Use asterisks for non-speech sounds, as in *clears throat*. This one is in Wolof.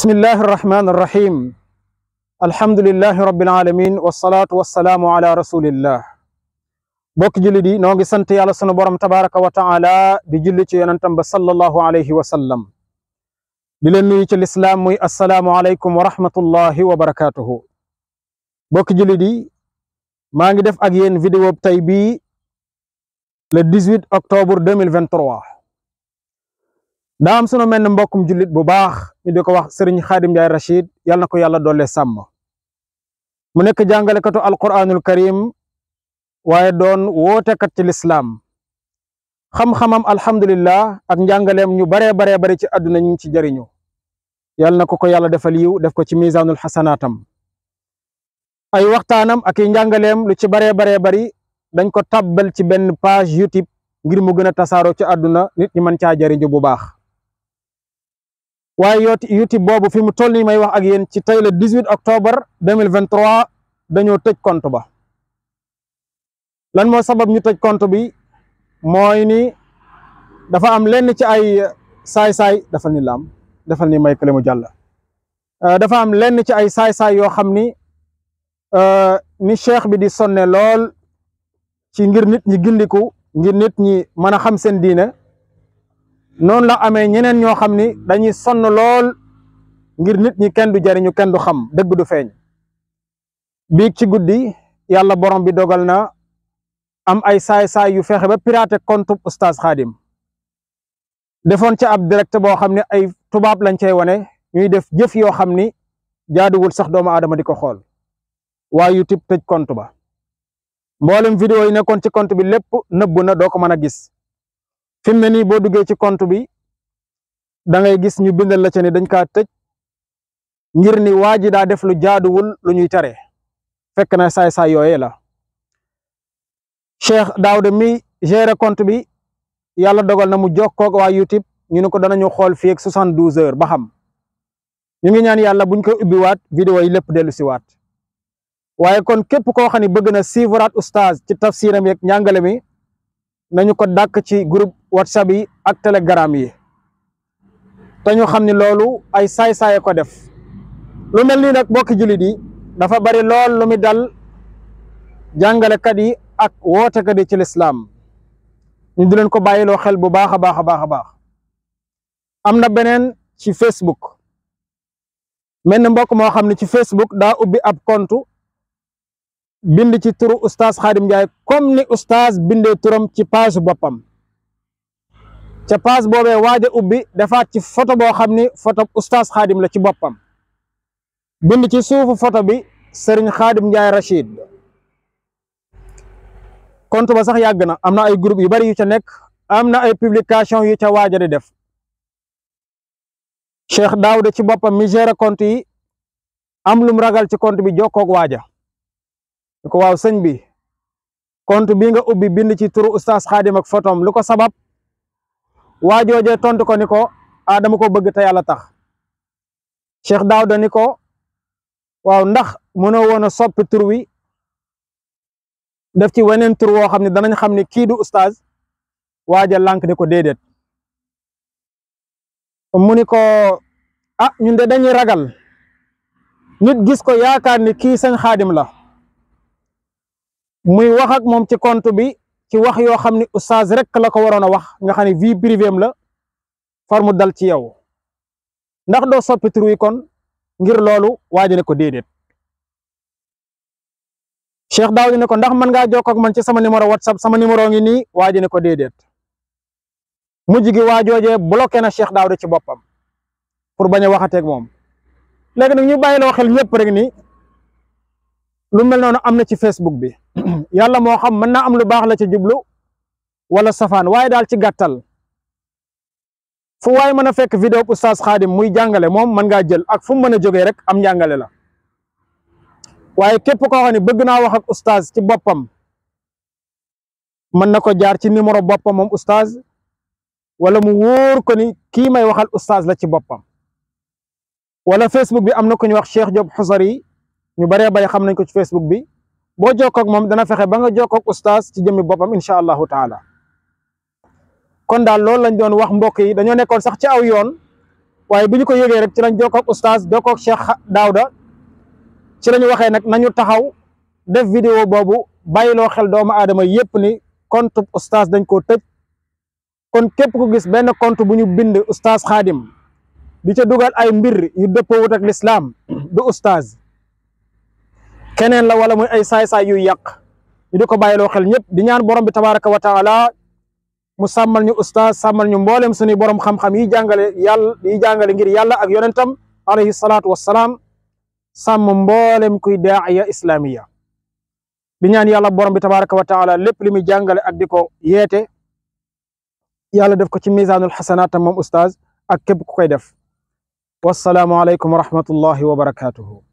بسم الله الرحمن الرحيم الحمد لله رب العالمين والصلاة والسلام على رسول الله bokk julli di noo ngi sant yàlla sunu borom tabaraka wa taala di julli ci yonentam ba sallallahu alayhi wa sallam di leen nuyu ci lislaam muy assalaamu aleykum wa rahmatullahi wa barakatuhu bokk julli di maa ngi def ak yéen vidéo tay bii le 18 octobre 2023 daa am sunu mel ne mbokkum jullit bu baax ñu di ko wax sëriñ xaadim Ndiaye Rachid yal ko yàlla doole sàmm mu nekk jàngalekatu alquranul karim waaye doon wootekat ci lislaam xam-xamam alhamdulillah ak njàngaleem ñu baree baree bari ci àdduna ñu ci jëriñu yal na ko ko yàlla defal yiw def ko ci misaanul xasanaatam ay waxtaanam ak i njàngaleem lu ci baree baree bari dañ ko tabbal ci benn page YouTube ngir mu gën a tasaaroo ci àdduna ñu ñi mën caa jëriñu bu baax waaye yooti yuti boobu fi mu toll nii may wax ak yéen ci tey le 18 octobre 2023 dañoo tëj compte ba lan moo sabab ñu tëj compte bi mooy ni dafa am lenn ci ay saay-saay dafal ni laam dafal ni may kële mu jàll euh, dafa am lenn ci ay saay-saay yoo xam ni euh, ni cheikh bi di sonne lool ci ngir nit ñi gindiku ngir nit ñi mën a xam seen diine noonu la amee ñeneen ñoo xam ni dañu sonn lool ngir nit ñi kenn du jariñu kenn du xam dëgg du feeñ biig ci guddi yàlla borom bi dogal na am ay saay-saay yu fexe ba piraté compte oustaz Khadim defoon ci ab direct boo xam ne ay tubaab lañ cey wane ñuy def jëf yoo xam ni jaaduwul sax doomu aadama di ko xool waa YouTube tëj compte ba mboolem vidéo yi nekkoon ci compte bi lépp nëbbu na doo ko mën a gis fi mu ne nii boo duggee ci compte bi da ngay gis ñu bindal la ca ne dañ kaa tëj ngir ni waa ji daa def lu jaaduwul lu ñuy tare fekk na saay-saay yooyee la Cheikh de mi géré compte bi yàlla dogal na mu jokkoog waa YouTube ñu ne ko danañu xool fii ak soixante douze heures ba xam ñu ngi ñaan yàlla buñ ko ubbiwaat vidéo yi lépp dellu si waat waaye kon képp koo xam ne bëgg na suivre oustaz ci tafsiram yeeg njàngale mi nañu ko dàkk ci groupe whatsapp yi ak telegram yi te ñu xam ne loolu ay saay-saay ko def lu mel nii nag bokki jullit yi dafa bari lool lu mi dal jàngalekat yi ak wootekat yi ci lislaam ñu di leen ko bàyyiloo xel bu baax a baax a baax a baax am na beneen ci facebook mel na mbokk moo xam ne ci facebook daa ubbi ab compte bind ci turu oustaz Xaadim Njaay comme ni oustaz bindee turam ci page boppam ca paas boobee waaj a ubbi defaat ci photo boo xam ni photo oustaz xaadim la ci boppam bind ci suufu photo bi sëriñ xaadim njaay rachid compte ba sax yàgg na am na ay groupe yu bari yu ca nekk am na ay publication yu ca waaj a di def cheikh daawuda ci boppam mi géré yi am lum ragal ci kont bi jokkoog waaja ko waaw sëñ bi compte bi nga ubbi bind ci turu oustaz xaadim ak photom lu sabab waa jooje tontu ko ni ko ah ko bëgg te yàlla tax Cheikh Daawda ni ko waaw ndax mënoo woon a soppi tur wi def ci weneen tur woo xam ne danañ xam ne kii du oustaz waaja lànk ni ko déedéet mu ni ko ah ñun de dañuy ragal nit gis ko yaakaar ni kii sëñ xaadim la muy wax ak ci compte ci wax yoo xam ne oustaz rek la ko waroon a wax nga xam ne vie privée la far mu dal ci yow ndax do soppi tur wi kon ngir loolu waaji ne ko déedéet Cheikh Daawud ne ko ndax mën ngaa jokkoo man ci sama numéro whatsapp sama numéro ngi nii waaji ko déedéet mujj gi waajoojee bloqué na Cheikh Daawud ci boppam pour bañ a waxateeg moom léegi nag ñu xel ñëpp rek ni lu mel noonu am na ci Facebook bi *clears throat* yàlla moo xam mën naa am lu baax la ci jublu wala safaan waaye daal ci gàttal fu waaye mën a fekk vidéo oustaz Xaadim muy jàngale moom mën ngaa jël ak fu mu mën a jógee rek am njàngale la waaye képp koo xam ne bëgg naa wax ak oustaz ci boppam mën na ko jaar ci numéro boppam moom oustaz wala mu wóor ko ni kii may waxal oustaz la ci boppam wala Facebook bi am na ku ñuy wax Cheikh Diop Xusari ñu baree bay xam nañ ko ci Facebook bi boo jokkoo moom dana fexe ba nga jokkoo ak ci jëmmi boppam incha allahu taala kon daal loolu lañ doon wax mbokk yi dañoo nekkoon sax ci aw yoon waaye bi ñu ko yëgee rek ci lañ jokkoo ak oustaz jokkoo daawda ci la ñu waxee nag nañu taxaw def vidéo boobu bàyyiloo xel doomu aadama yépp ni compte oustaz dañ koo tëj kon képp ku gis benn conte bu ñu bind oustaz xaadim di ca dugal ay mbir yu dëppoo wut ak lislaam du oustaz keneen la wala muy ay saay-saay yuy yàq ñu di ko bàyyiloo xel ñëpp di ñaan borom bi tabaraka wa taala mu sàmmal ñu ustaas sàmmal ñu mboolem suñu borom xam-xam yi jàngale yàlla yi jàngale ngir yàlla ak yonentam alayhi salaatu wassalaam sàmm mboolem kuy daaya islamiya di ñaan yàlla borom bi tabaraka wa taala lépp li muy jàngale ak di ko yeete yàlla def ko ci misaanul xasanaatam moom ustaas ak képp ku koy def wassalaamu aleykum wa rahmatullahi wa barakatuhu